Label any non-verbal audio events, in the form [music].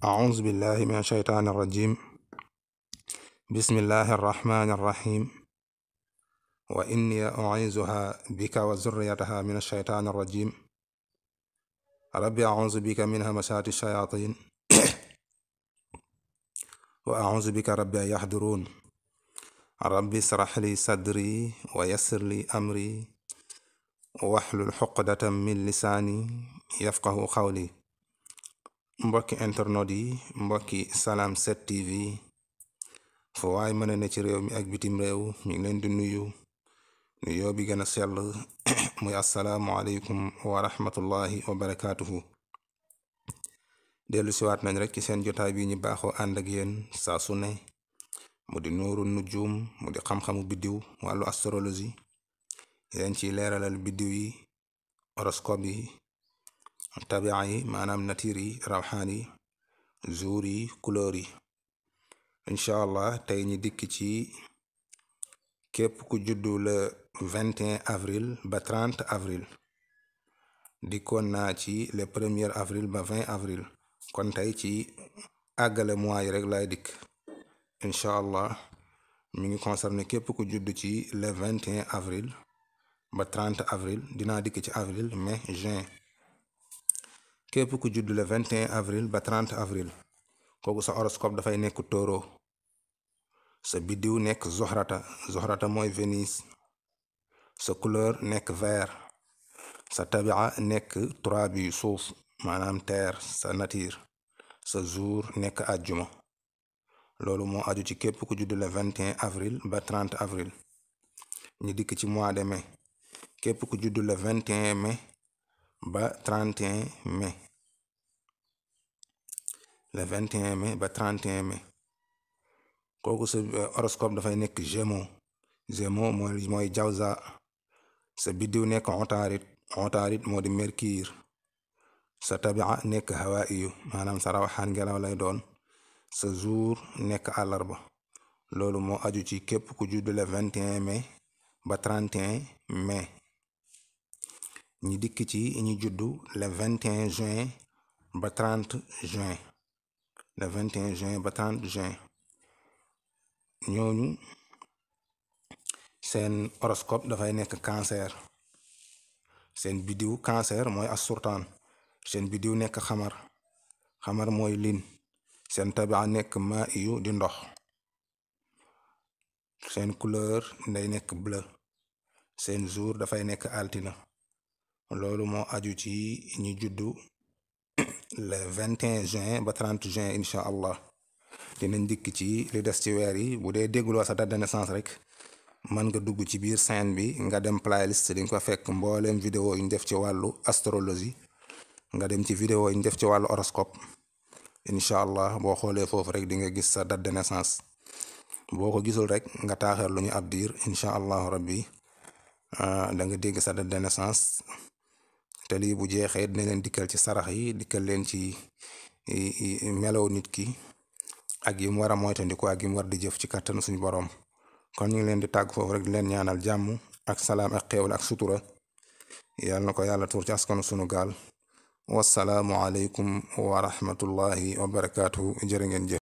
أعوذ بالله من الشيطان الرجيم بسم الله الرحمن الرحيم وإني أعيذها بك وذريتها من الشيطان الرجيم ربي أعوذ بك من همسات الشياطين وأعوذ بك ربي أن يحضرون ربي اشرح لي صدري ويسر لي أمري واحلل عقدة من لساني يفقه قولي mbokki internet yi mbokki salaam 7 TV fu waay mën a ne ci réew mi ak bitim réew mi ngi leen di nuyu nuyoo bi gën a sell [coughs] muy asalaamualeykum wa rahmatullahi wa dellu siwaat nañ rek ci seen jotaay bi ñu baaxoo ànd ak yéen saa su mu di nooru nujum mu di xam-xamu biddiw wàllu astrologie leen leeralal biddiw yi horoscope yi tabia yi maanaam natiir yi rawxaan yi jour yi couleur yi incha allah tey ñi dikk ci képp ku juddu le vingt et un avril ba trente avril dikkoon naa ci le premier avril ba vingt avril kon tey ci àggale mois yi rek laay dikk incha allah mi ngi concerné képp ku judd ci le vingt et un avril ba trente avril dinaa dikk ci avril mai juin képp ku judd le 21 avril ba trente avril kooku sa horoscope dafay nekk Taureau sa bidiw nekk zoxrata zoxrata mooy Vénus sa couleur nekk vert sa tabia nekk trois bi suuf maanaam terre sa nature sa jour nekk àjjuma loolu moo aju ci képp ku judd le 21 avril ba trente avril ñu dikk ci mois de mai képp ku judd le 21 mai ba 31 mai le 21 mai ba 31 mai kooku sa euh, horoscope dafay nekk Gémeaux Gémeaux mooy mooy jawza sa biddiw nekk Utaarid Utaarid moo di Mercure sa tabia nekk hawaayu maanaam sa rawaxaan ngelaw lay doon sa jour nekk àllarba loolu moo aju ci képp ku judd le 21 mais ba 31 mai ñi dikk ci ñi juddu le 21 juin ba 30 juin le 21 juin ba 30 juin ñooñu seen horoscope dafay nekk cancer seen biddiw cancer mooy asurtaan seen biddiw nekk xamar xamar mooy lin seen tabia nekk maa iyu di ndox seen couleur nday nekk bleu seen jour dafay nekk altina loolu moo aju ci ñi juddu [clears throat] le vingt et juin ba trente juin incha allah dinañ dikk ci li des ci weer yi bu dee dégguloo sa date de naissance rek mën nga dugg ci biir chaîne bi nga dem playlist di nga ko fekk mbooleem vidéo yu ñu def ci wàllu astrologie nga dem ci vidéo yi ñu def ci wàllu horoscope incha allah boo xoolee foofu rek di nga gis sa date naissance boo ko gisul rek nga taaxeer lu ñu ab diir incha allah rabbi ah, da nga dégg sa date naissance te lii bu jeexee dina leen dikkal ci sarax yi dikkal leen ci melow nit ki ak yi mu war a moytandiku ak yi mu di jëf ci kàttanu suñu borom kon ñu ngi leen di tàgg foofu rek leen ñaanal jàmm ak salaam ak xéewal ak sutura yàlla na ko yàlla tuur ci askanu sunu gaal wasalaamu aleykum wa rahmatullahi wa barakaatu jërë ngeen jëf